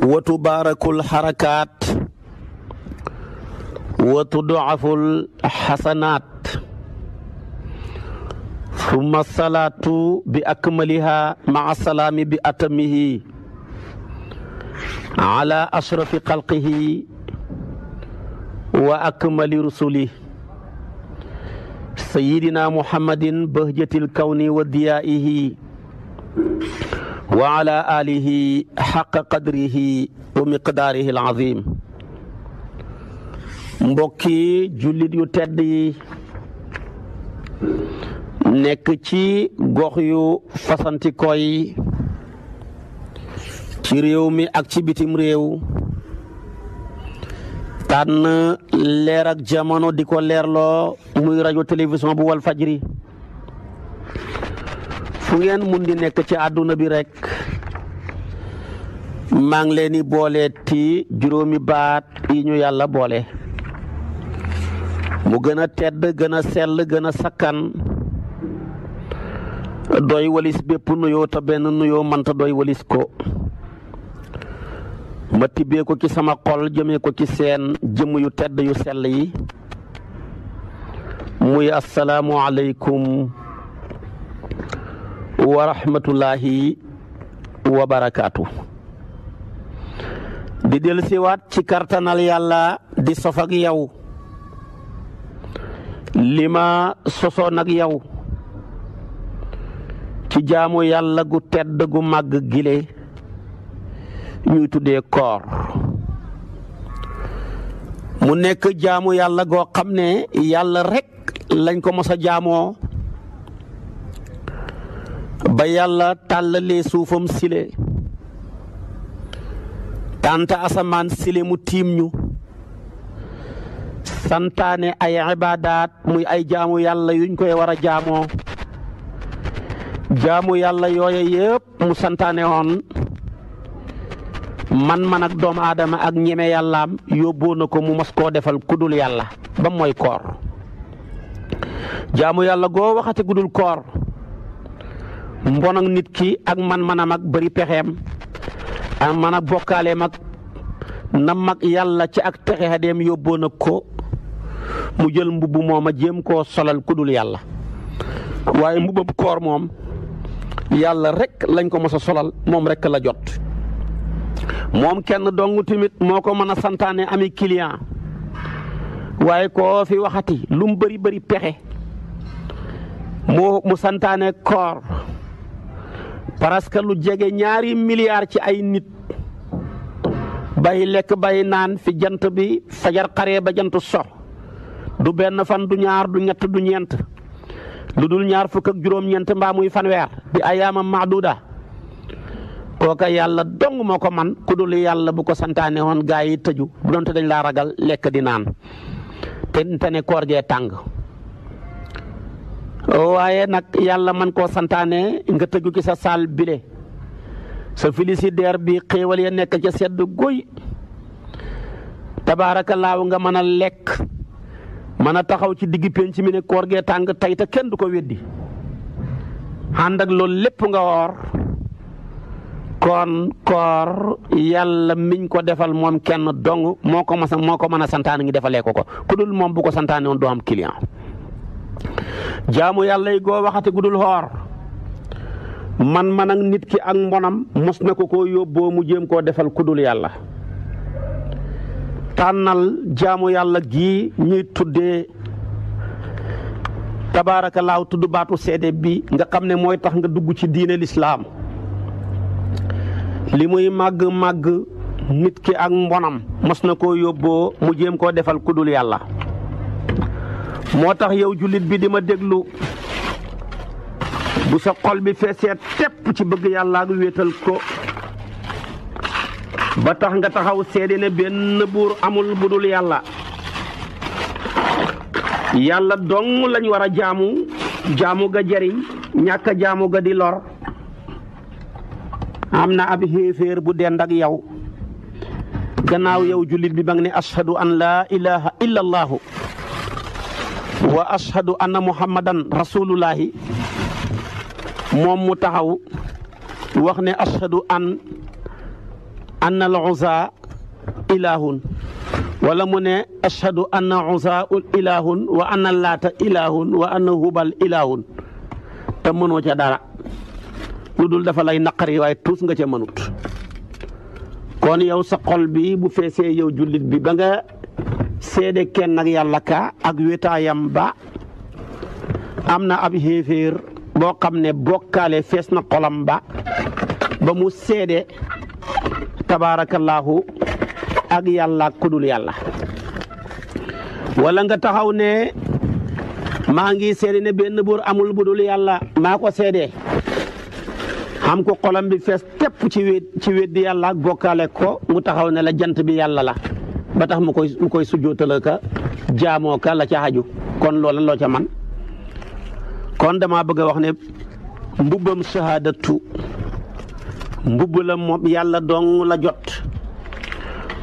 wa tubaarakul xarakaat wa tudacaful xasanaat summa salaatu bi akmaliha maca salaami bi atamihi ala ashrafi xalqihi wa akmali rusuli sayidina muhammadin bahjatil kawni wa diyaihi wa ala alihi xaqa qadrihi wa miqdaarihi alazim mbokki jullit yu tedd yi nekk ci gox yu fasantikoo yi ci réew mi ak ci bitim réew tànn leer ak jamono di ko leerloo muy rajo télévision bu Walfajri fu ngeen mun di nekk ci àdduna bi rekk maa ngi leen di boole ti juróomi baat yi ñu yàlla boole mu gën a tedd gën a sell gën a sakkan doy walis bépp nuyoo te benn nuyoo mënta doy walis ko ma tibbee ko ci sama xol jëmee ko ci seen jëmm yu tedd yu sell yi muy asalaamu aleykum wa rahmatullahi di del ci kartanal yàlla di sof ak yow li ma sosoon yow ci jaamu yàlla gu tedd gu màgg gile ñuy tuddee koor mu nekk jaamu yàlla goo xam ne yàlla rek lañ ko mos a jaamoo ba yàlla tàllalee suufam sile tànt asamaan sile mu tiim ñu santaane ay ibaadaat muy ay jaamu yàlla yuñ koy war a jaamoo jaamu yàlla yooya yëpp mu santaane woon man manag ak doomu aadama ak ñeme yàllaam yóbboo na ko mu mas koo defal kudul yàlla ba moy koor jaamu yàlla goo waxati gudul koor mbon nit ki ak man mana ak bari pexeem ak man a bokkaaleem ak na mag yàlla ci ak pexe xadeem yóbboon ko mu jël mbubb moom a jéem koo solal ku dul yàlla waaye mbubbab koor moom yàlla rek lañ ko mos a solal moom rek la jot moom kenn dong tamit moo ko mën a santaane ami client waaye koo fi waxati lu bari bari pexe mu mu santaane koor parce que lu jege ñaari milliards ci ay nit bay lekk bay naan fi jant bi fajar xaree ba jant so du benn fan du ñaar du ñett du ñeent lu dul ñaar fukk juróom-ñeent mbaa muy fanweer bi ayaama maaduda kooka yàlla dong moo ko man ku dul yàlla bu ko santaane woon gaa yi tëju bu doonte dañ laa ragal lekk di naan te te ne koor gee tàng waaye nag yàlla man koo santaane nga tëggu ci sa saal bile sa frigidaire bi xéewal ya nekk ca sedd guy laaw nga mën a lekk mën a taxaw ci digg penc mi ne koor gee tàng tey te kenn du ko weddi ànd ak loolu lépp nga woor kon koor yàlla miñ ko defal moom kenn dong moo ko mas moo ko mën a santaane ngi defalee ko ko ku dul moom bu ko santaane woon doo am client jaamu yàlla yi goo waxati gudul xoor man man nit ki ak mbonam mos na ko koo yóbboo mu jéem koo defal kudul yàlla tànnal jaamu yàlla gii ñuy tuddee tabaaraka laaw tudd baatu seede bi nga xam ne mooy tax nga dugg ci diine lislaam li muy màgg màgg nit ki ak mbonam mos na koo yóbboo mu jéem koo defal kudul yàlla moo tax yow jullit bi di ma déglu bu sa xol bi feesee tepp ci bëgg yàlla ak wéetal ko ba tax nga taxaw seede ne benn buur amul bu dul yàlla yàlla dong lañ war a jaamu jaamu ga jariñ ñàkk a jaamu ga di lor am na ab xéeféer bu dend ak yow gannaaw yow jullit bi ba nga ne ashhadu an laa ilaha illa allahu wa ashhadu anna muhammadan rasulullahi moom mu taxaw wax ne ashhadu an anna al usa ilahun wala mu ne ashhadu anna usa ilahun wa anna laata ilahun wa anna hubal ilahun te mënoo ca dara lu dul dafa lay naqari waaye tuus nga ca mënut kon yow sa xol bi bu feesee yow jullit bi seede kenn ak yàlla ka ak wetaayam ba am na ab xéeféer boo xam ne bokkaale fees na xolam ba ba mu seede tabaarakallaahu ak yàlla kudul yàlla wala nga taxaw ne maa ngi seede ne benn buur amul budul yàlla maa ko seede xam ko xolam bi fees tepp ci wét weddi yàlla ak bokkaale ko mu taxaw ne la jant bi yàlla la ba tax mu koy mu koy sujjootal ka jaamoo ka la xaju kon loola loo ca man kon dama bëgg a wax ne mbubbam sahaadatu mbubb la moom yàlla dong la jot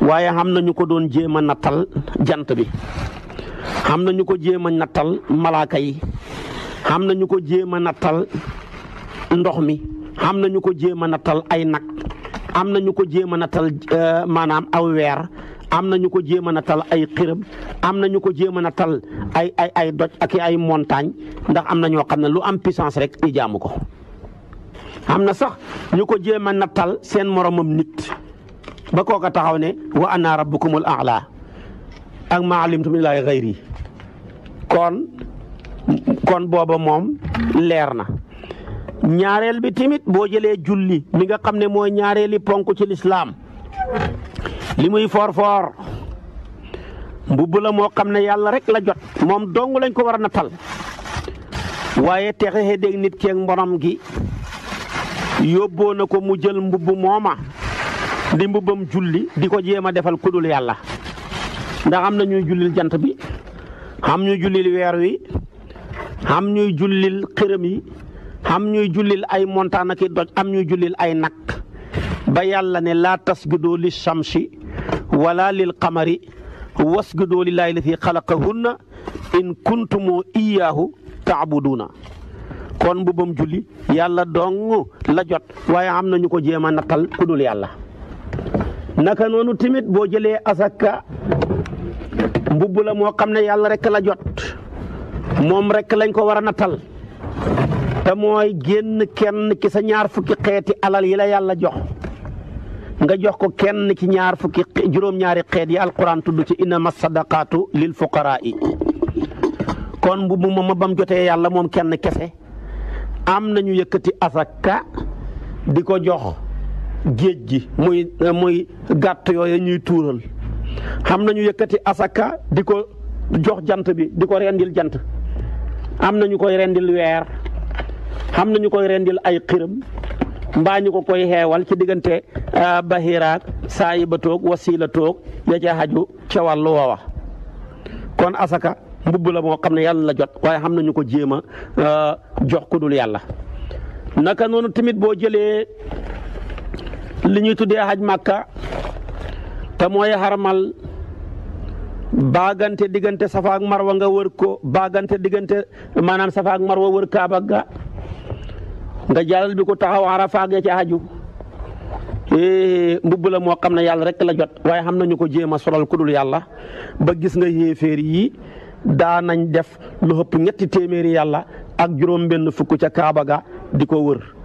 waaye xam na ñu ko doon jéem a nattal jant bi xam na ñu ko jéem a nattal malaaka yi xam na ñu ko jéem a nattal ndox mi xam na ñu ko jéem a nattal ay nag am na ñu ko jéem a nattal euh, maanaam aw weer am na ñu ko jéem a natal ay xërëm am na ñu ko jéem a natal ay ay ay doj ak ay montagne ndax am na ñoo xam ne lu am puissance rek ñu jaamu ko. am na sax ñu ko jéem na nattal seen moromam nit ba kooka taxaw ne wa ana rabbukumul a'la ak ma alimtu min ilaahi xayri kon kon booba moom leer na ñaareel bi tamit boo jëlee julli mi nga xam ne mooy ñaareeli ponk ci lislaam li muy foor foor mbubb la moo xam ne yàlla rek la jot moom dong lañ ko war a nattal waaye texe dégg nit keeg mborom gi yóbboo na ko mu jël mbubb mooma di mbubbam julli di ko jéem a defal kudul yàlla ndax am na ñuy jullil jant bi am ñuy jullil weer wi am ñuy jullil xërëm yi am ñuy jullil ay montaan ak i doj am ñuy jullil ay nag ba yàlla ne laa tasjudoo li shamsi wala lil qamari wasjudoo lillaahi lazi xalaqahunna in kuntumoo iyaahu taabuduuna kon mbubbam julli yàlla dong la jot waaye am na ñu ko jéem a nattal ku yàlla naka noonu tamit boo jëlee asaka mbubb moo xam ne yàlla rek la jot moom rek lañ ko war a nattal te mooy génn kenn ki sa ñaar fukki xeeti alal yi la yàlla jox nga jox ko kenn ci ñaar fukki juróom-ñaari xeet yi alquran tudd ci innama sadaqaatu lil fuqaraa yi kon mbubu moom ba mu jotee yàlla moom kenn kese am nañu yëkkati asaka di ko jox géej gi muy muy gàtt yooyu ñuy tuural xam nañu yëkkati asaka di ko jox jant bi di ko rendil jant am nañu koy rendil weer xam nañu koy rendil ay xiram mbaa ñu ko koy xeewal ci diggante euh, bahiraak saayiba toog wasiila toog ya ca xaju ca wàllu woowa kon asaka mbubula la moo xam ne yàlla la jot waaye xam nañu ko jéem a euh, jox ku dul yàlla naka noonu tamit boo jëlee li ñuy tuddee xaj màkka te mooy xarmal baagante diggante safa ak marwa nga wër ko baagante diggante maanaam safa ak marwa wër kaaba nga jàllal bi ko taxaw Arafa gee ci aju eh, mbubb la moo xam ne yàlla rek la jot waaye xam nañu ko jéem a solal ku yàlla ba gis nga yéeféer yi daa nañ def lu ëpp ñetti téeméeri yàlla ak juróom benn fukk ca Kaaba ga di ko wër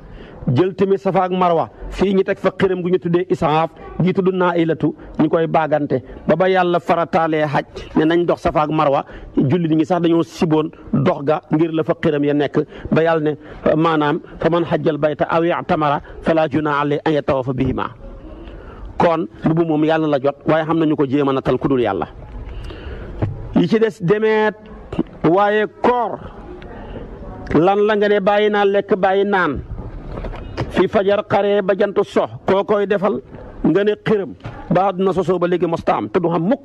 jël tamit safa ak marwa fii ñu teg fa xiram gu ñu tuddee isaaf gi na naa ilatu ñu koy baagante ba ba yàlla farataalee xaj ne nañ dox safa ak marwa jullit ñi sax dañoo siboon dox ga ngir la fa xiram ya nekk ba yàlla maanaam fa man xajjal bayta aw ya'tamara fala junaaha alayhi an yatawafa bihima kon bu moom yàlla la jot waaye xam nañu ko jéem a natal ku dul yàlla yi ci des demeet waaye koor lan la nga ne bàyyi naa lekk bàyyi naan fi fajar xaree ba jant sox koo koy defal nga ne xiram ba àdduna sosoo ba léegi mos taam te du xam mukk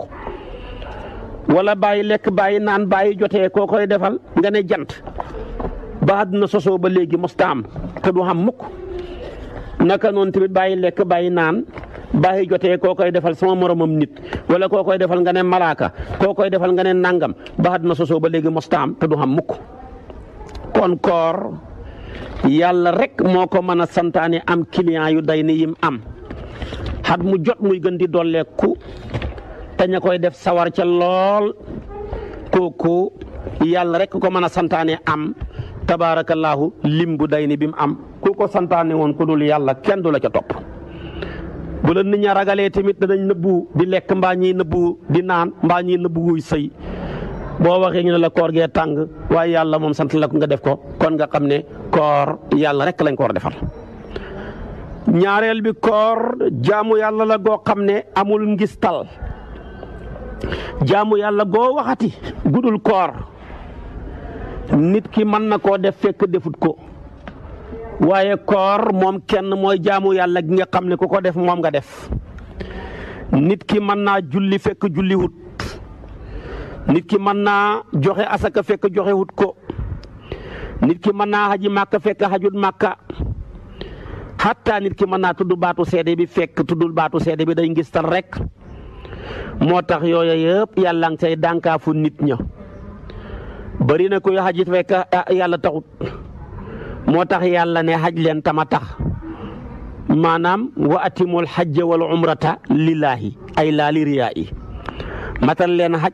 wala bàyyi lekk bàyyi naan bàyyi jotee koo koy defal nga ne jant ba àdduna sosoo ba léegi mos taam te du xam mukk naka noon tamit bàyyi lekk bàyyi naan bàyyi jotee koo koy defal sama moromam nit wala koo koy defal nga ne malaaka koo koy defal nga nangam ba àdduna sosoo ba léegi mos taam te du xam mukk kon yàlla rekk moo ko mën a santaane am client yu day ni yim am xat mu jot muy gën di dolleeku te ña koy def sawar ca lool kooku yàlla rekk ko mën a santaane am tabaarakallaahu lim bu day ni bi mu am ku ko santaane woon ku dul yàlla kenn du la ca topp bu la nit ña ragalee tamit danañ nëbbu di lekk mbaa ñiy nëbbu di naan mbaa ñiy nëbbu sëy boo waxee ñu la koor gee tàng waaye yàlla moom sant la ko nga def ko kon nga xam ne koor yàlla rek lañ ko defal. ñaareel bi koor jaamu yàlla la goo xam ne amul ngistal jaamu yàlla goo waxati gudul koor nit ki mën na koo def fekk defut ko waaye koor moom kenn mooy jaamu yàlla gi nga xam ne ku ko def moom nga def nit ki mën naa julli fekk julliwut nit ki mën naa joxe asaka fekk joxe wut ko nit ki mën naa xaji màkk fekk xajut màkka xatta nit ki mën naa tudd baatu seede bi fekk tuddul baatu seede bi day ngistal rek moo tax yooyu yëpp yàlla ngi say dànkaafu nit ña bari na koy xajit fekk ah, yàlla taxut moo tax yàlla ne xaj leen tam a tax maanaam wa atimul xajja wal umrata lillaahi ay laali riyaa yi matal leen xaj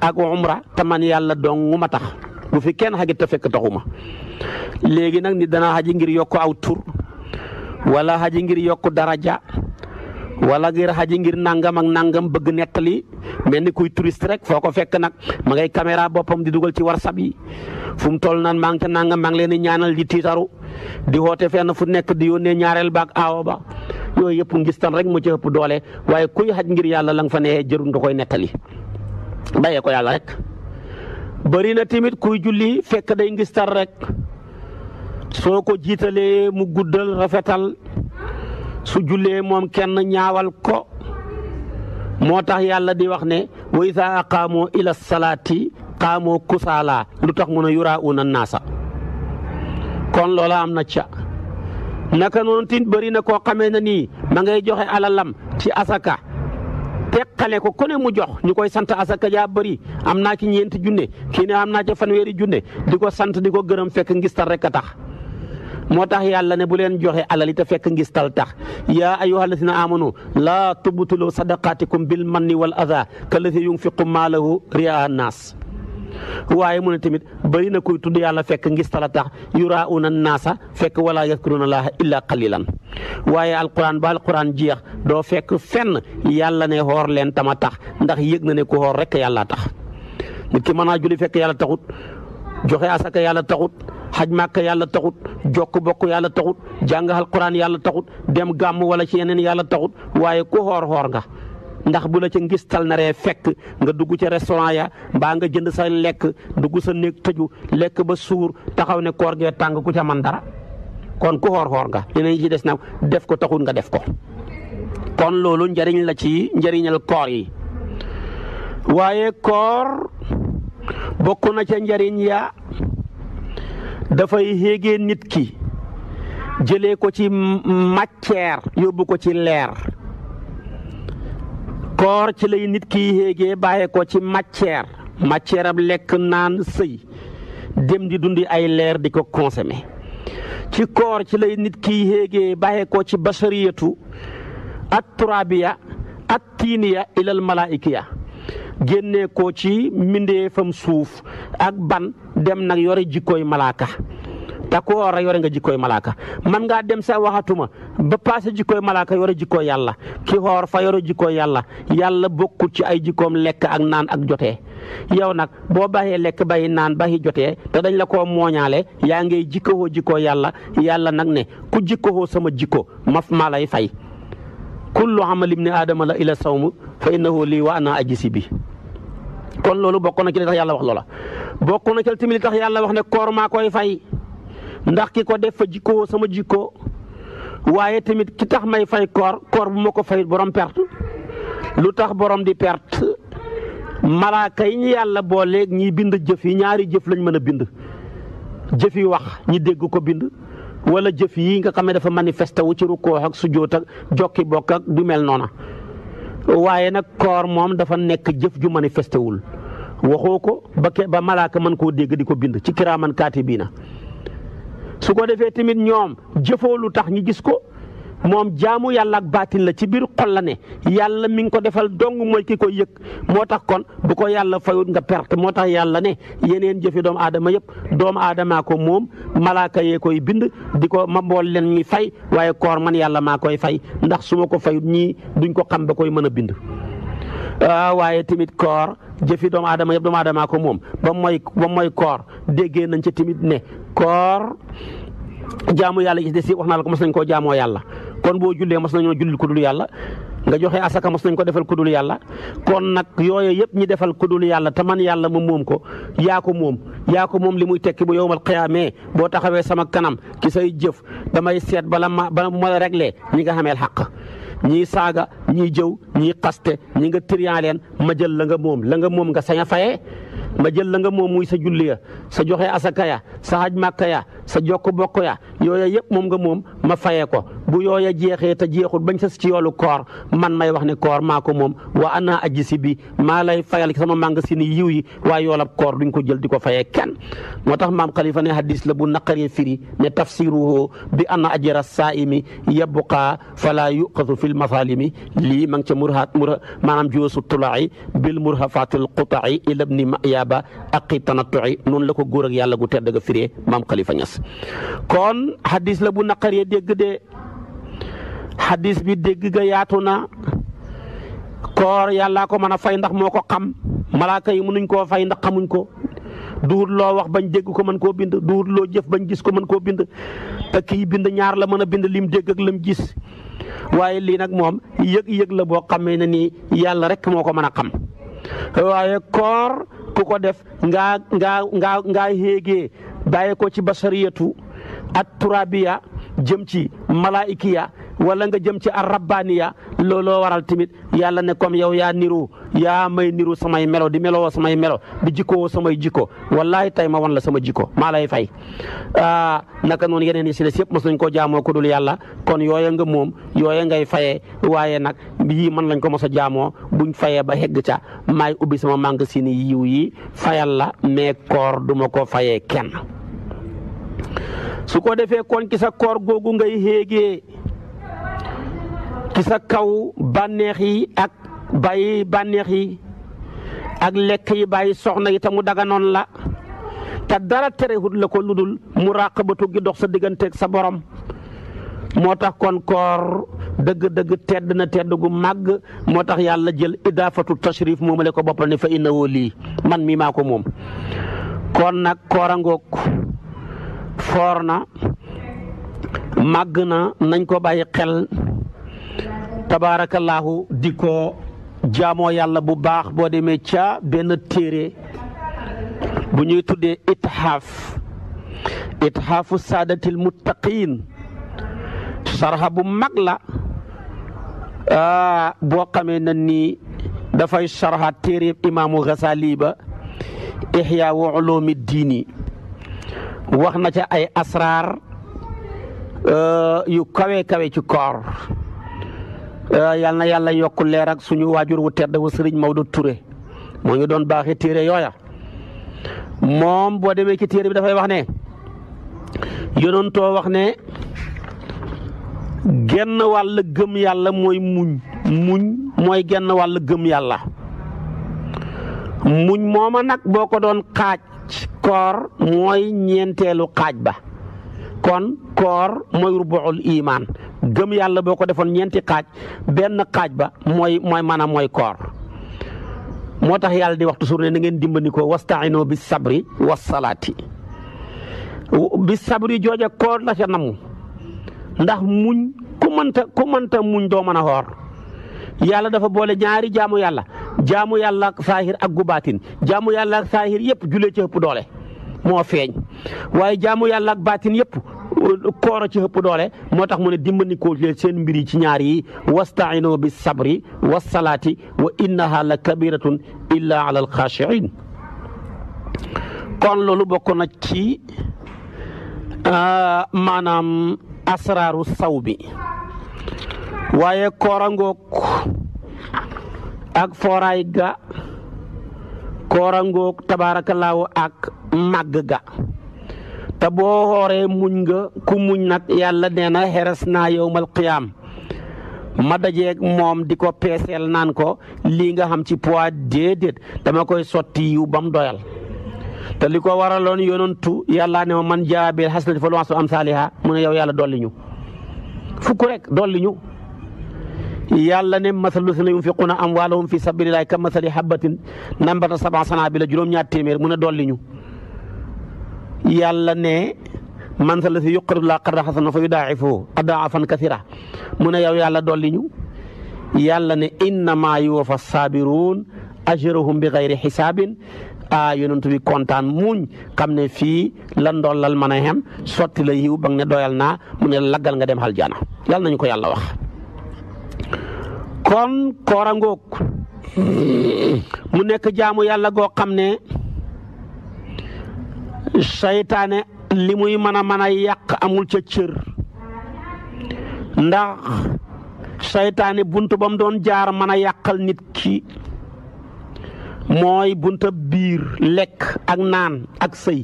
ak umra te yàlla dong ma tax bu fi kenn xagit ta fekk taxuma léegi nag nit dana xaji ngir yokk aw tur wala xaji ngir yokk daraja wala ngir xaji ngir nangam ak nangam bëgg nettali mel ni kuy touriste rek foo ko fekk nag ma ngay caméra boppam di dugal ci WhatsApp yi fu mu toll nan maa ngi ca nangam maa di ñaanal di tiitaru di woote fenn fu nekk di yónnee ñaareel baak aawo ba yooyu yëpp ngistan rek mu ci ëpp doole waaye kuy xaj ngir yàlla la fa nee jërul nga koy nettali bàyyee ko yàlla rek. bëri na tamit kuy julli fekk day ngistan rek soo ko jiitalee mu guddal rafetal su jullee moom kenn ñaawal ko. moo tax yàlla di wax ne wa isa aqaamoo ila salaati qaamoo kusaala lu tax mu a yuraa una naasa kon loola am na ca naka noonu tin bëri na koo xamee na nii ma ngay joxe alalam ci asaka teqale ko kone mu jox ñu koy sant asaka jaa bëri am naa ci ñeent junne kii ne am naa ca fanweeri junne di ko sant di ko gërëm fekk ngistal rekk a tax moo tax yàlla ne bu leen joxe alal yi te fekk ngistal tax yaa ayyuha alladina amanu laa tubtulu sadaqatikum man ni wal adha kalladi yunfiqu maalahu riaa naas waaye mu ne tamit bëri na kuy tudd yàlla fekk ngis tala tax yuraa'uuna naasa fekk wala yadkuruuna laaha illaa qalilan waaye alquran ba alquran jeex doo fekk fenn yàlla ne xoor leen tama tax ndax yég na ne ku xoor rek yàlla tax nit ki mën naa juli fekk yàlla taxut joxe asaka yàlla taxut xaj màkk yàlla taxut jokk bokk yàlla taxut jàng alquran yàlla taxut dem gàmm wala ci yeneen yàlla taxut waaye ku xoor xoor nga ndax bu la ca ngistal naree fekk nga dugg ca restaurant ya mbaa nga jënd sa lekk dugg sa néeg tëju lekk ba suur taxaw ne koor gee tàng ku ca man dara kon ku xoor xoor nga yeneen ci des nag def ko taxul nga def ko kon loolu njariñ la ci njëriñal koor yi waaye koor bokk na ca njariñ ya dafay héegee nit ki jëlee ko ci matière yóbbu ko ci leer koor ci lay nit ki yéegee bàyyee ko ci matière matière am lekk naan sëy dem di dundi ay leer di ko consommer ci koor ci lay nit ki yéegee bàyyee ko ci bashariyatu at turabiya at tiiniya ilal malaikiya génnee ko ci mbindeefam suuf ak ban dem nag yore jikkooy malaaka te ku woor rek yore nga jikkooy malaaka man ngaa dem sa waxatuma ba passé jikkooy malaaka yore jikkooy yàlla ki xoor fa yore jikkooy yàlla yàlla bokkul ci ay jikkoom lekk ak naan ak jotee yow nag boo baxee lekk bayi naan bayi jotee dañ la koo mooñaale yaa ngay jikkoo jikkoo yàlla yàlla nag ne ku jikkoo sama jikko maf maa lay fay kullu amali ibni aadama la ila sawmu fa innahu lii wa ana ajisi bi kon loolu bokk na ci li li tax yàlla wax ne koor maa koy fay ndax ki ko def fa jikkoo sama jikkoo waaye tamit ki tax may fay koor koor bu ma ko fayit borom perte lu tax borom di perte malaaka yi ñu yàlla booleeg ñiy bind jëf yi ñaari jëf lañ mën a bind jëf yi wax ñi dégg ko bind wala jëf yi nga xam ne dafa manifesté wu ci rukkoo ak sujjóot a jokki bokk ak du mel noona waaye nag koor moom dafa nekk jëf ju manifesté wul waxoo ko ba ke ba malaaka mën koo dégg di ko bind ci kiraaman na su ko defee tamit ñoom jëfoo lu tax ñu gis ko moom jaamu yàlla ak baatin la ci biir xol la ne yàlla mi ngi ko defal dong mooy ki ko yëg moo tax kon bu ko yàlla fayut nga perte moo tax yàlla ne yeneen jëfi doomu aadama yëpp doomu aadamaa ko moom malaaka yee koy bind di ko ma mbool leen ñi fay waaye koor man yàlla maa koy fay ndax su ma ko fayut ñii duñ ko xam ba koy mën a bind. Ah, waaye tamit koor jëfi doomu aadama yëpp doomu aadama ko moom ba mooy ba mooy koor déggee nañ ci tamit ne koor jaamu yàlla yi des wax naa la ko mos nañ koo jaamoo yàlla kon boo jullee mos nañoo jullil ku dul yàlla nga joxe asaka mos nañ ko defal ku dul yàlla kon nag yooyu yëpp ñi defal ku yàlla te man yàlla ma moom ko yaa moom yaa ko moom li muy tekki bu yowmal xiyaamee boo taxawee sama kanam ki say jëf damay seet bala ma bala ma la réglé ñi nga xameel xaq ñii saaga ñii jëw ñii xaste ñi nga trian leen ma jël la nga moom la nga moom nga sañ a faye ma jël la nga moom muy sa julliya sa joxe asakaya sa haj màkka ya sa jokk bokk ya yooya yëpp moom nga moom ma fayee ko bu yooya jeexee te jeexul bañ sa ci yoolu koor man may wax ne koor maa ko moom wa ana aji si bi maa lay fayal sama magasin yi yiw yi waaye yoolab koor duñ ko jël di ko fayee kenn moo tax maam xalifa ne hadis la bu naqaree firi ne tafsiruhu bi anna ajra saimi yabqa fala yuqasu fi lmasalimi lii ma ngi ca murhat mur maanaam joosu tulaai bil murhafatil qutaai ilabni mayaba aqi tanatuci noonu la ko góor yàlla gu tedd ga firee maam abbas kon xadis la bu naqaree dégg de xadis bi dégg ga yaatu na koor yàllaa ko mën a fay ndax moo ko xam malaaka yi mënuñ koo fay ndax xamuñ ko duhut loo wax bañ dégg ko mën koo bind duhut loo jëf bañ gis ko mën koo bind te kii bind ñaar la mën a bind lim dégg ak lam gis waaye lii nag moom yëg-yëg la boo xamee ne nii yàlla rek moo ko mën a xam waaye koor ku ko def ngaa ngaa ngaa ngaa héegee bàyyi ko ci basariyatu at turabiya jëm ci malaikiya wala nga jëm ci ar rabbaaniya looloo waral tamit yàlla ne comme yow yaa niru yaa may niru samay melo di meloo samay melo di jikkoo samay jikko wallahi tay ma wan la sama jikko maa lay fay ah, naka noonu yeneen yi si des yëpp mos nañ koo jaamoo ko dul yàlla kon yooya nga moom yooya ngay fayee waaye nag yii mën lañ ko mos a jaamoo buñ fayee ba hegg ca maay ubbi sama magasin yiw yi fayal la mais koor du ma ko fayee kenn su ko defee kon ki ci sa kaw bànneex yi ak bàyyi bànneex yi ak lekk yi bàyyi soxna yi mu mu daganoon la te dara terewut la ko lu dul mu ludul ba gi dox sa digganteeg sa borom moo tax kon koor dëgg-dëgg tedd na tedd gu màgg moo tax yàlla jël idaafatu tashrif moomale ko boppa ne fa innawoo lii man mii maa ko moom kon nag koorangoog foor na màgg na nañ ko bàyyi xel tabaarakallaahu di ko yàlla bu baax boo demee ca benn téere bu ñuy tuddee itxaaf itxaafu saadatil muttaqiin sarxa bu mag la ah, boo xamee na ni dafay sarxa téere imaamu Ghazali ba ixyaa wa diini wax na ca ay asraar ah, yu kawe kawe ci koor Euh, yal yàlla yokku leer ak suñu waajur wu tedd wu sëriñ Maodo Touré moo ñu doon baaxee téere yooya moom boo demee ci téere bi dafay wax ne yonantoo wax ne genn wàll gëm yàlla mooy muñ muñ mooy genn wàll gëm yàlla muñ mooma nag boo ko doon kaaj koor mooy ñeenteelu xaaj ba kon koor mooy rubuul imaan gëm yàlla boo ko defoon ñeenti kaaj benn kaaj ba mooy mooy maanaam mooy koor moo tax yàlla di wax toujours ne na ngeen dimbali ko wastaino bi sabri wasalaati bi sabri jooja koor la ca namu ndax muñ ku mënta ku mënta muñ doo mën a xoor yàlla dafa boole ñaari jaamu yàlla jaamu yàlla ak saahir ak gubaatin jaamu yàlla ak saahir yëpp julee ci ëpp doole moo feeñ waaye jaamu yàlla ak baatin yëpp koor ci ëpp doole moo tax mu ne dimbandikoo leen seen mbir ci ñaari yi wastaino bi sabri wa salaati wa innaha la kabiratun illa ala al kon loolu bokk na ci ah, maanaam asraaru saw bi waaye koorangoog ak fooraay ga koorangoog tabaarakallaahu ak màgg ga te boo xooree muñ nga ku muñ nag yàlla nee na xeres naa yowmal qiyaam ma dajeeg moom di ko peeseel naan ko lii nga xam ci poids déedéet dama koy sotti yiw ba mu doyal te li ko waraloon yonantu yàlla ne ma man jaabil xasanati fa lu am am saaliha mu ne yow yàlla dolli ñu fukk rek dolli ñu yàlla ne masalu lasina yunfiquuna amwaalahum fi sabilillahi ka masali habbatin nambata sab'a sanaabila juróom-ñaar téeméer mu ne dolliñu yàlla ne man sa la si yuqridu laa qarda xasana fa yudaa'ifu adaafan kasira mu ne yow yàlla dolli ñu yàlla ne innamaa yuwaffa saabiruun ajruhum bi xayri xisaabin a ah, yonent bi kontaan muñ xam ne fii lan ndollal mën a xem sotti la yiw ba nga ne doyal naa mu ne laggal nga dem aljana yàlla nañu ko yàlla wax kon koorangoog mu nekk jaamu yàlla goo xam ne saytaane li muy mën a mën a yàq amul ca cër ndax saytaane bunt bam doon jaar mën a yàqal nit ki mooy bunta biir lekk ak naan ak sëy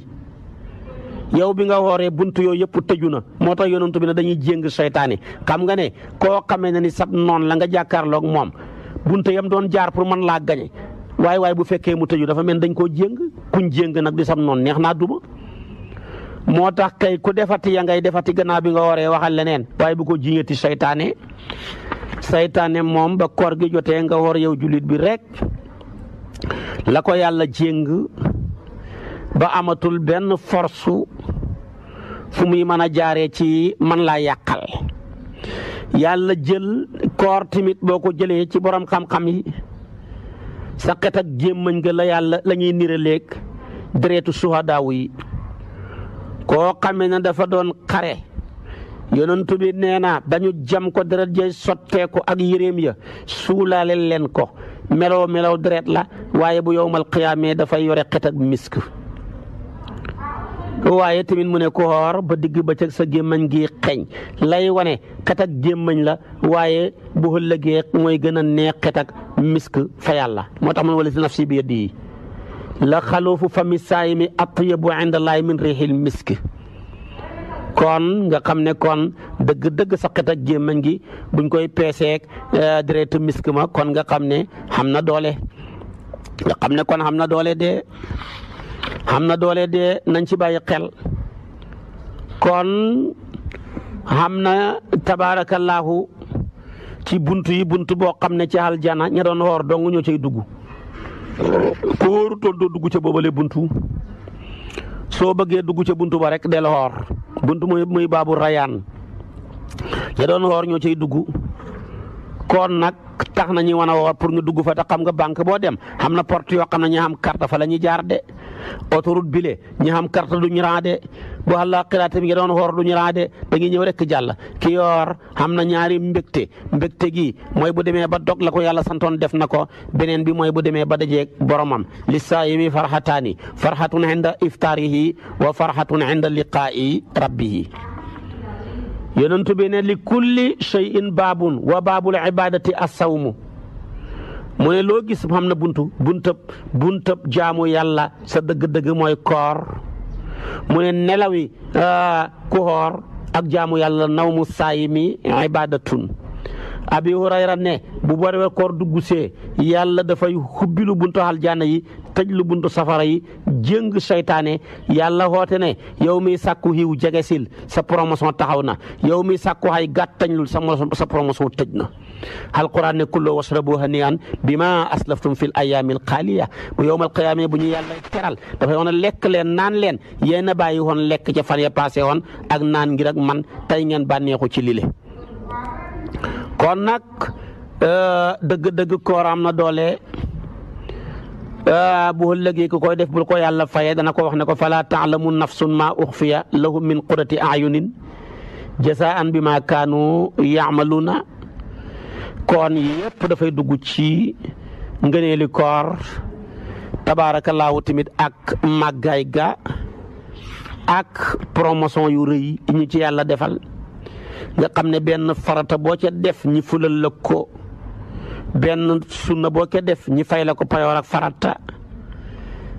yow bi nga wooree bunt yooyu yëpp tëju na moo tax yonent bi ne dañuy jéng saytaane xam nga ne koo xamee ne ni sab noon la nga jàkkaarloog moom bunt yam doon jaar pour mën laa gañe waaye waaye bu fekkee mu tëju dafa mel dañ koo jéng kuñ jéng nag di sam noonu neex naa duma moo tax kay ku defati ya ngay defati gannaaw bi nga waree waxal leneen waaye bu ko jiñati saytaane saytaane moom ba koor gi jotee nga war yow jullit bi rek la ko yàlla jéng ba amatul benn force fu muy mën a jaaree ci man laa yàqal yàlla jël koor timit boo ko jëlee ci borom xam-xam yi sa ak gémmañ ga la yàlla la ñuy niraleeg deretu suhadaaw yi koo xamee ne dafa doon xare yonent bi nee na dañu jam ko deret jay sotteeku ak yéreem ya suulaale leen ko meloo melow deret la waaye bu yowmal qiyaamee dafay yore xet misk waaye tamit mu ne ko xoor ba digg bëccëg sa gémmañ gi xeeñ lay wane xet ak gémmañ la waaye bu ëllëgee mooy gën a neex xet misk fa yàlla moo tax man wala si nafsi bi yadihi la xaluufu fami saayimi atyabu indallahi min riixil misk kon nga xam ne kon dëgg-dëgg saqet ak gémmañ gi buñ koy peeseek euh, deretu misk ma kon nga xam ne xam na doole nga xam ne kon xam na doole de xam na doole de nañ ci bàyyi xel kon xam na tabaarakallaahu ci bunt yi bunt boo xam ne ci aljana ña doon woor dong ñoo cay dugg ku wóorutoon doo dugg ca boobale buntu soo bëggee dugg ca buntu ba rek del woor buntu muy muy baabu rayaan ña doon woor ñoo cay dugg kon nag tax na ñuy wan a woor pour nga dugg fa te xam nga banque boo dem xam na porte yoo xam ne ñu am carte fa la ñuy jaar de. autoroute bile ñi xam carte du ñu raade bu àllaaxira tamit ya doon xoor du ñu raade da ngi ñëw jàll ki yoor na ñaari mbégte mbégte gi mooy bu demee ba dog la ko yàlla santoon def na ko beneen bi moy bu demee ba dajeeg boromam li saayimi farxataani farxatun inda iftaarihi wa farxatun inda liqaa'i rabbihi yonentu bi ne li kulli cheyin baabun wa baabul ibadati assawmu mu ne loo gis xam na buntu buntab buntab jaamu yàlla sa dëgg-dëgg mooy koor mu ne nelawi ah, ku xoor ak jaamu yàlla naw mu saayimi ibadatun abi hurayra ne bu booree koor dugg see yàlla dafay xubbi lu buntu aljanna yi tëj lu buntu safara yi jéng seytaane yàlla xoote ne yow miy sàkku xiw jege sil sa promotion taxaw na yow miy sàkku xay gàttañlul sa sa promotion tëj na alquran ne kulloo wasrabu hanian bi ma aslaftum fil ayaamil xaaliya bu yowmal qiyaama bu ñu yàlla teral dafa dafay woon lekk leen naan leen yéen a bàyyi woon lekk ca fan ya passé woon ak naan ngir ak man tey ngeen bànneexu ci lile kon nag dëgg-dëgg euh, koor na doole euh, bu ëllëgee ko koy def bul ko yàlla fayee dana ko wax ne ko fala taalamu nafsun ma uxfiya lahum min qurati ayunin jasaan bi ma kaanu yaamaluuna kon yëpp dafay dugg ci ngëneeli koor tabaarakallaahu tamit ak màggaay ga ak promotion yu rëy ñu ci yàlla defal nga xam ne benn farata boo ca def ñi fulal la ko benn sunna boo ko def ñi fay la ko payoor ak farata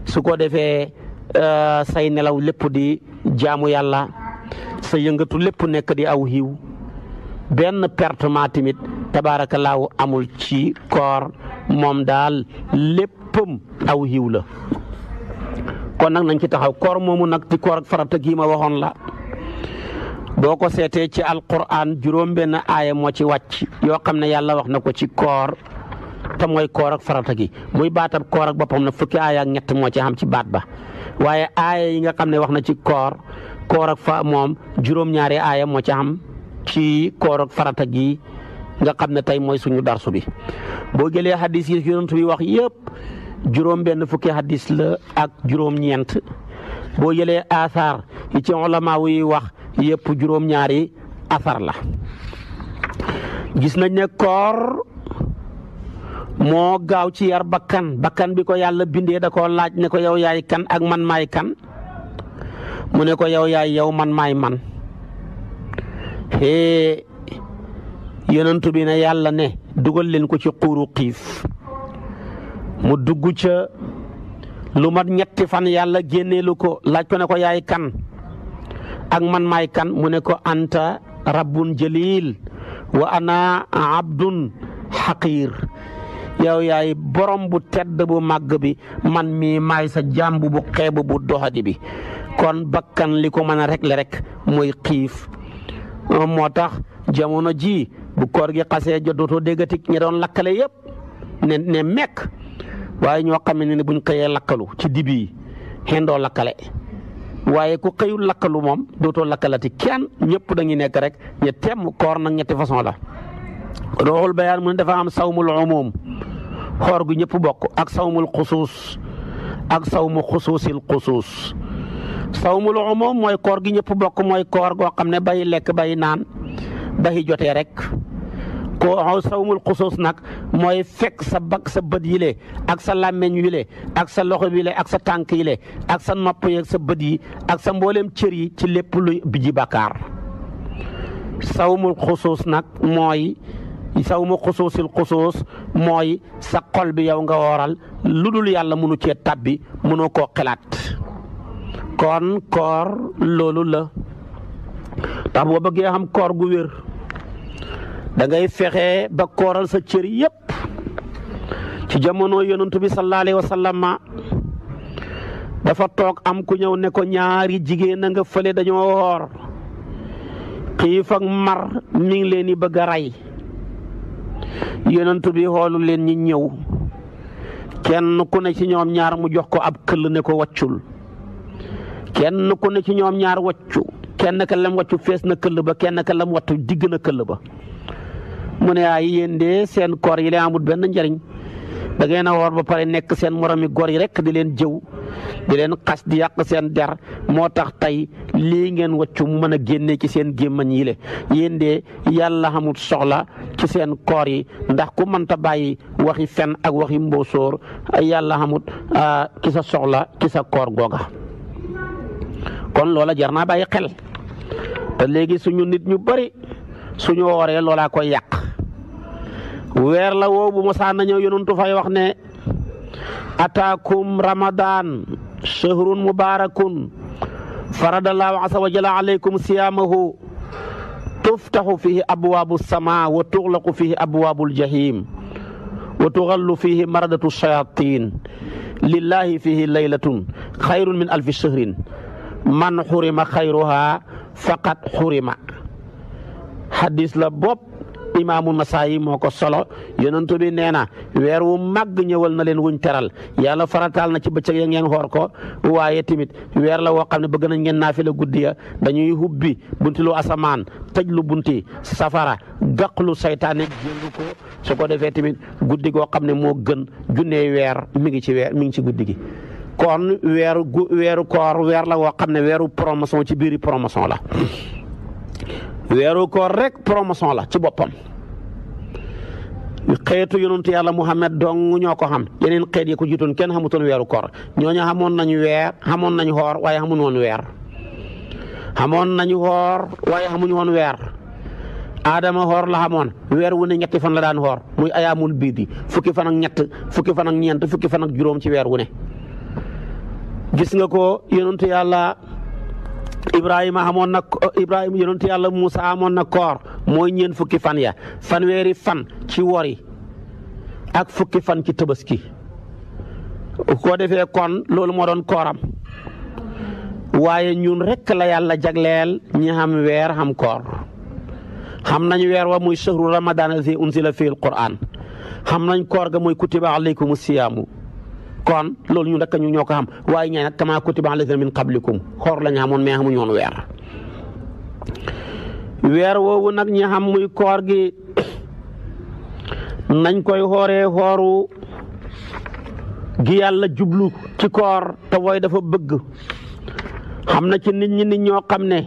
su ko defee euh, say nelaw lépp di jaamu yàlla sa yëngatu lépp nekk di aw xiiw benn pertement tamit tabaarakallaahu amul ci koor moom daal léppam aw xiiw la kon nag nañ ci taxaw koor moomu nag di koor ak farata gii ma waxoon la boo ko seetee ci alquran juróom-benn aaya moo ci wàcc yoo xam ne yàlla wax na ko ci koor te mooy koor ak farata gi muy baatab koor ak boppam na fukki aaya ak ñett moo ci xam ci baat ba waaye aaya yi nga xam ne wax na ci koor koor ak fa moom juróom-ñaari moo ci xam ci koor farata gi nga xam ne tey mooy suñu darsu bi boo jëlee hadis yi yonent bi wax yëpp juróom-benn fukki hadis la ak juróom-ñeent boo jëlee asaar yi ci ulama yi wax. yépp juróom-ñaari asar la gis nañ ne koor moo gaaw ci yar bakkan bakkan bi ko yàlla bindee da ko laaj ne ko yow yaay kan ak man maay kan mu ne ko yow yaay yow man maay man hee yonentu bi ne yàlla ne dugal leen ko ci xuuru xiif mu dugg ca lu mat ñetti fan yàlla génneelu ko laaj ko ne ko yaay kan ak man may kan mu ne ko anta rabbun jalil wa ana abdun xaqir yow borom bu tedd bu màgg bi man mi may sa jàmb bu xeeb bu doxadi bi kon bakkan li ko mën a régler rek mooy xiif moo tax jamono ji bu koor gi xasee jot dootoo déggati ñi doon lakkale yëpp ne ne mekk waaye ñoo xam ne buñ kayee lakkalu ci dibi yi xendoo lakkale waaye ku xëyul lakkalu moom dootoo lakkalati kenn ñëpp dañuy nekk rek ñe koor nag ñetti façon la roxul bayaan mu ne dafa am sawmul umum koor gu ñëpp bokk ak sawmul xusuus ak sawmu xusuusil xusuus sawmul umum mooy koor gi ñëpp bokk mooy koor goo xam ne bay lekk bay naan dahi jotee rek ko xaw sawmul xusuus nag mooy fekk sa bak sa bët yile ak sa làmmeñ yile ak sa loxo yile ak sa tànk yile ak sa nopp yi ak sa bët yi ak sa mbooleem cër yi ci lépp lu biji bàkkaar sawmul xusuus nag mooy sawmu xusuusil xusuus mooy sa xol bi yow nga wooral lu dul yàlla mënu cee bi mënoo koo xalaat kon koor loolu la tax boo bëggee xam koor gu wér da ngay fexe ba kooral sa cër yépp ci jamono yonantu bi sallallahu alayhi wa dafa toog am ku ñëw ne ko ñaari jigéen a nga fële dañoo woor xiif ak mar mi ngi leen di bëgg a rey leen ñi ñëw kenn ku ne ci ñoom ñaar mu jox ko ab këll ne ko waccul kenn ku ne ci ñoom ñaar waccu kenn ka lam waccu fees na këll ba kenn ka lam wattu digg na këll ba mu ne ay yéen de seen koor yi leen amul benn njariñ da ngeen a woor ba pare nekk seen moromi góor yi rek di leen jëw di leen xas di yàq seen der moo tax tey lii ngeen waccu mën a génne ci seen gémmañ yi le yéen de yàlla xamul soxla ci seen koor yi ndax ku mënta bàyyi waxi fen ak waxi mboosóor yàlla xamul ah, ki sa soxla ki sa koor googa kon loola jar naa bàyyi xel te léegi suñu nit ñu bari suñu wooree loolaa koy yàq weer la woow bu mosaan na ñëw yonuntu fay wax ne ataakum ramadan shahrun mubarakun faradallahu asa wa jalla alaykum siyaamahu tuftaxu fihi abwaabu sama wa tuxlaqu fihi abwaabul jahim wa tuxallu fihi maradatu shayatin lillahi fihi laylatun xayrun min alfi shahrin man xurima xayruha faqad xurima hadis la bopp imaamu Nasaayi moo ko solo yonent bi nee na weer wu màgg ñëwal na leen wuñ teral yàlla farataal na ci bëccëg ya ngeen xoor ko waaye tamit weer la woo xam ne bëgg nañ ngeen naafila guddi ya dañuy hubbi bunti lu asamaan tëj lu bunti safara gàqlu seytaane jéngu ko su ko defee tamit guddi goo xam ne moo gën junnee weer mi ngi ci weer mi ngi ci guddi gi kon weeru gu weeru koor weer la woo xam ne weeru promotion ci biiri promotion la weeru koor rek promotion la ci boppam xeetu yonentu yàlla Muhammad dong ñoo ko xam yeneen xeet yi ko jiitoon kenn xamutoon weeru koor ñooñu xamoon nañu weer xamoon nañ xoor waaye xamuñu woon weer xamoon nañu xoor waaye xamuñu woon weer Adama xoor la xamoon weer wu ne ñetti fan la daan xoor muy ayaamul biidi fukki fan ak ñett fukki fan ak ñeent fukki fan ak juróom ci weer wu ne nga ko yonentu yàlla Ibrahima amoon na Ibrahima yonentu yàlla Moussa amoon na koor mooy ñeen fukki fan ya fanweeri fan ci wori ak fukki fan ci tabaski koo defee kon loolu moo doon kooram waaye ñun rekk la yàlla jagleel ñi xam weer xam koor xam nañ weer wa muy shahru ramadan allazi unzila fihi alquran xam nañ koor ga muy kutiba alaykum siyaamu kon loolu ñun rek ñu ñoo ko xam waaye ñee nag kama kutiba alazina min qablikum xoor la ñu xamoon mais xamuñu woon weer weer woowu nag ñi xam muy koor gi nañ koy xoore xooru gi yàlla jublu ci koor te wooy dafa bëgg xam na ci nit ñi nit ñoo xam ne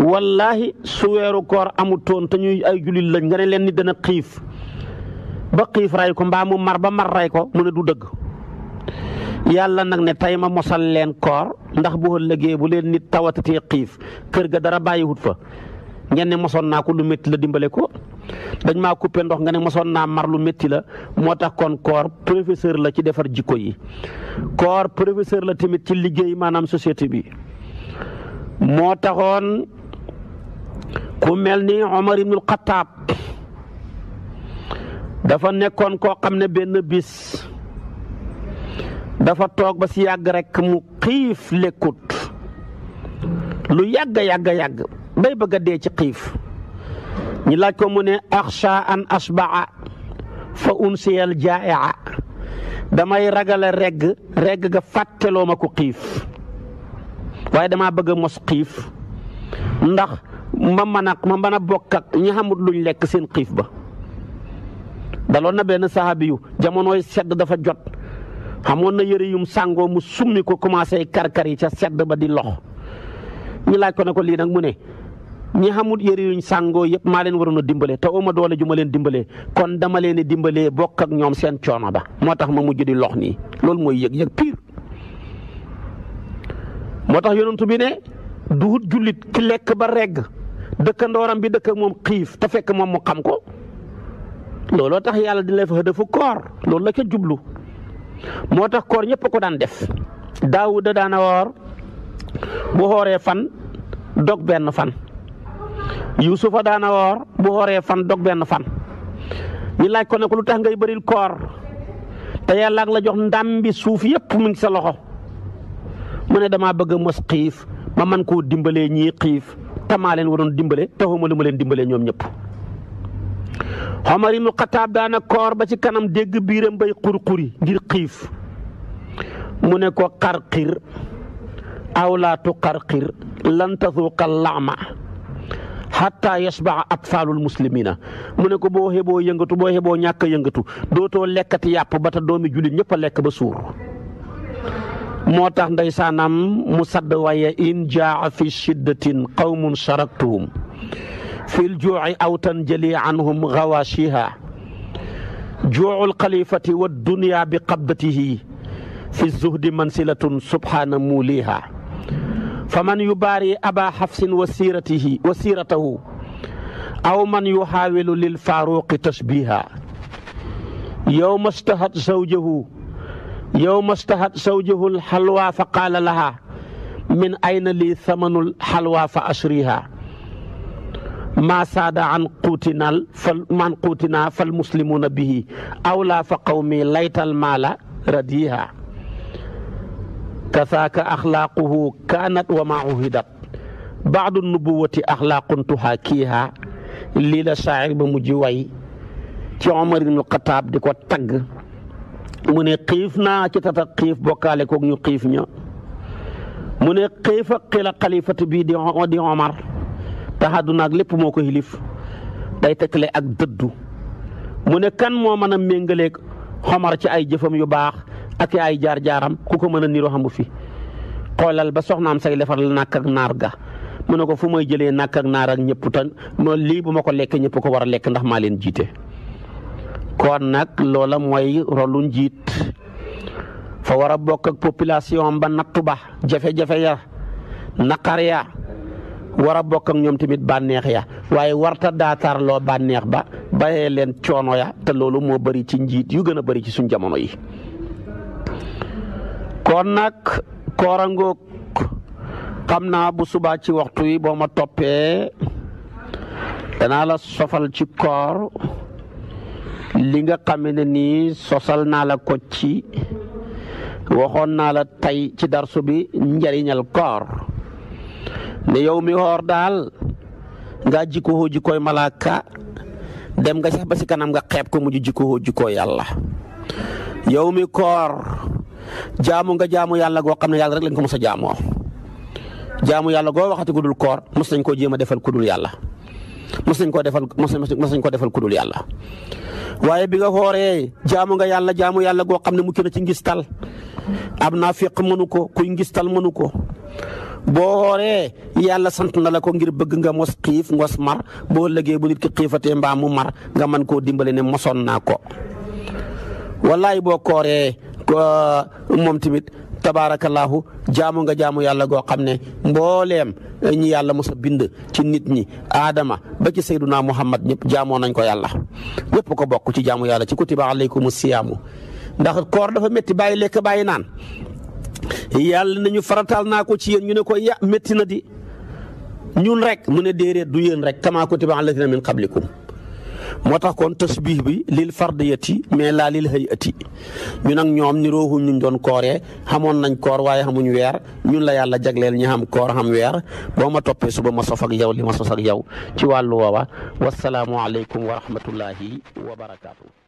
wallahi su weeru koor amutoon te ñuy ay jullit lañ nga ne leen ni dana xiif ba xiif ray ko mbaa mu mar ba mar ray ko mu ne du dëgg yàlla nag ne tey ma mosal leen koor ndax bu liggéey bu leen nit tawatatee xiif kër ga dara bàyyiwut fa ngeen ne mosoon naa ko lu metti la dimbale ko dañ ma coupé ndox nga ne mosoon naa mar lu métti la moo tax kon koor professeur la ci defar jikko yi koor professeur la tamit ci liggéey maanaam société bi moo taxoon ku mel ni Omar ibnul Xataab dafa nekkoon koo xam ne benn bis dafa toog ba ci yàgg rekk mu xiif lekkut lu yàgg yàgg yàgg bay bëgg a dee ci xiif ñu laaj ko mu ne axsha an asbaa fa unsiyal jaaya damay ragale regg regg ga fàtteloo ma ko xiif waaye dama bëgg a mos xiif ndax ma mën a ma ñi xamut luñ lekk seen xiif ba daloon na benn sahabi yu sedd dafa jot xamoon na yëre yum sàngoo mu summi ko commencé karkar yi ca sedd ba di lox ñu laaj ko ne ko lii nag mu ne ñi xamul yére yuñ sàngoo yëpp maa leen waroon a dimbale te uma doole ju leen dimbalee kon dama leen dimbalee bokk ak ñoom seen coono ba moo tax ma mujj di lox nii loolu mooy yëg-yëg pire. moo tax yonent bi ne duhut jullit ki lekk ba regg dëkkandooram bi dëkk moom xiif te fekk moom mu xam ko looloo tax yàlla di lay fa dafa koor loolu la ca moo tax koor ñëpp ko daan def daawuda daana woor bu xooree fan dog benn fan yusufa daana woor bu xooree fan dog benn fan ñu laaj ko ne ko lu tax ngay bëril koor te yàlla la jox ndam bi suuf yëpp mu ngi sa loxo mu ne damaa bëgg a mos xiif ma man ko dimbalee ñii xiif tamaa leen waroon dimbale taxuma lu ma leen dimbalee ñoom ñëpp Omar ibnu Xataab daana koor ba ci kanam dégg biiram bay xurxuri ngir xiif mu ne ko xarxir aw laa tuqarxir lan tazuuqa laama xatta yasbaa atfaalul muslimina mu ne ko boo xeboo yëngatu boo xeboo ñàkk a yëngatu dootoo lekkati yàpp ba ta doomi jullit ñëpp a lekk ba suur moo tax ndeysaanam mu sadd waaye in jaa fi shiddatin qawmun sharaktuhum fil juuci aw tanjali anhum gawaashiha juucul xalifati wa dunya bi qabdatihi fi zuhdi mansilatun subhaana muuliha faman yubaari aba xafsin wa siiratihi wa siiratahu aw man yuxaawilu lil faaruqi tashbiha yowma stahat zawjahu yowma stahat zawjahu alxalwa fa qaala laha min ayna lii thamanul xalwa fa ashriha maa saada an quutinal fal man quutinaa fal muslimuuna bihi awlaa fa qawmi laytal maala radiha kasaaka axlaaquhu kaanat wa maa uhidat baadu nubuwati axlaaqun tuhaakiiha lii la shaacir ba mujj way ci Omar ibnu Xataab di ko tagg mu ne xiif naa ci tata xiif bokkaale koog ñu xiif ña mu ne xiif a xila xalifati bii di di Omar te naag lépp moo ko xilif day tekkale ak dëddu mu ne kan moo mën a méngaleeg xomar ci ay jëfam yu baax ak ay jaar-jaaram ku ko mën a niroo xamu fi xoolal ba soxnaam say defaral nàkk ak naar ga mu ne ko fu may jëlee nàkk ak naar ak ñëpp tan lii bu ma ko lekk ñëpp ko war a lekk ndax maa leen jiite kon nag loola mooy rolu njiit fa war a bokk ak population ba nattu ba jafe-jafe ya naqar ya wara a bokk ak ñoom tamit bànneex ya waaye warta daataarloo bànneex ba bàyyee leen coono ya te loolu moo bari ci njiit yu gën a bëri ci suñ jamono yi kon nag koorangoog xam naa bu subaa ci waxtu wi boo ma toppee danaa la sofal ci koor li nga xam ne nii sosal naa la ko ci waxoon naa la tey ci darsubi bi njariñal koor ne yow mi woor daal nga jikkoo jikkooy malaaka dem nga sax ba si kanam nga xeeb ko mujj jiko jikkoo yàlla yow mi koor jaamu nga jaamu yàlla goo xam ne yàlla rek lañ ko mos a jaamoo yàlla goo waxati ku dul koor mos nañ koo jéem a defal ku dul yàlla mos nañ koo defal mos nañ koo defal ku dul yàlla. waaye bi nga xooree jaamu nga yàlla jaamu yàlla goo xam ne mucc na ci ngistal am naa féq mënu ko kuy ngistal mënu ko boo xooree yàlla sant na la ko ngir bëgg nga mos xiif ngos mar boo lëggee bu nit ki xiifatee mbaa mu mar nga man koo dimbali ne mosoon naa ko wallaay boo kooree moom tamit tabaarakallaahu jaamu nga jaamu yàlla goo xam ne mbooleem ñi yàlla mos a bind ci nit ñi aadama ba ci sayduna muhammad ñëpp jaamoo nañ ko yàlla ñëpp ko bokk ci jaamu yàlla ci kutiba aleykum siyaamu ndax koor dafa métti bàyyi lekk bàyyi naan yàlla nañu farataal naa ko ci yéen ñu ne ko ya métti na di ñun rek mu ne déedéet du yéen rek kamaa kutiba alladina min qablikum moo tax kon tasbih bi liil lil fardiyati mais laa lil hayati ñu nag ñoom ni rooxu ñu doon kooree xamoon nañ koor waaye xamuñ weer ñun la yàlla jagleel ñi xam koor xam weer boo ma toppee suba ma sof ak yow li ma sos ak yow ci wàllu woowa wasalaamu aleykum wa rahmatullahi wa barakaatu.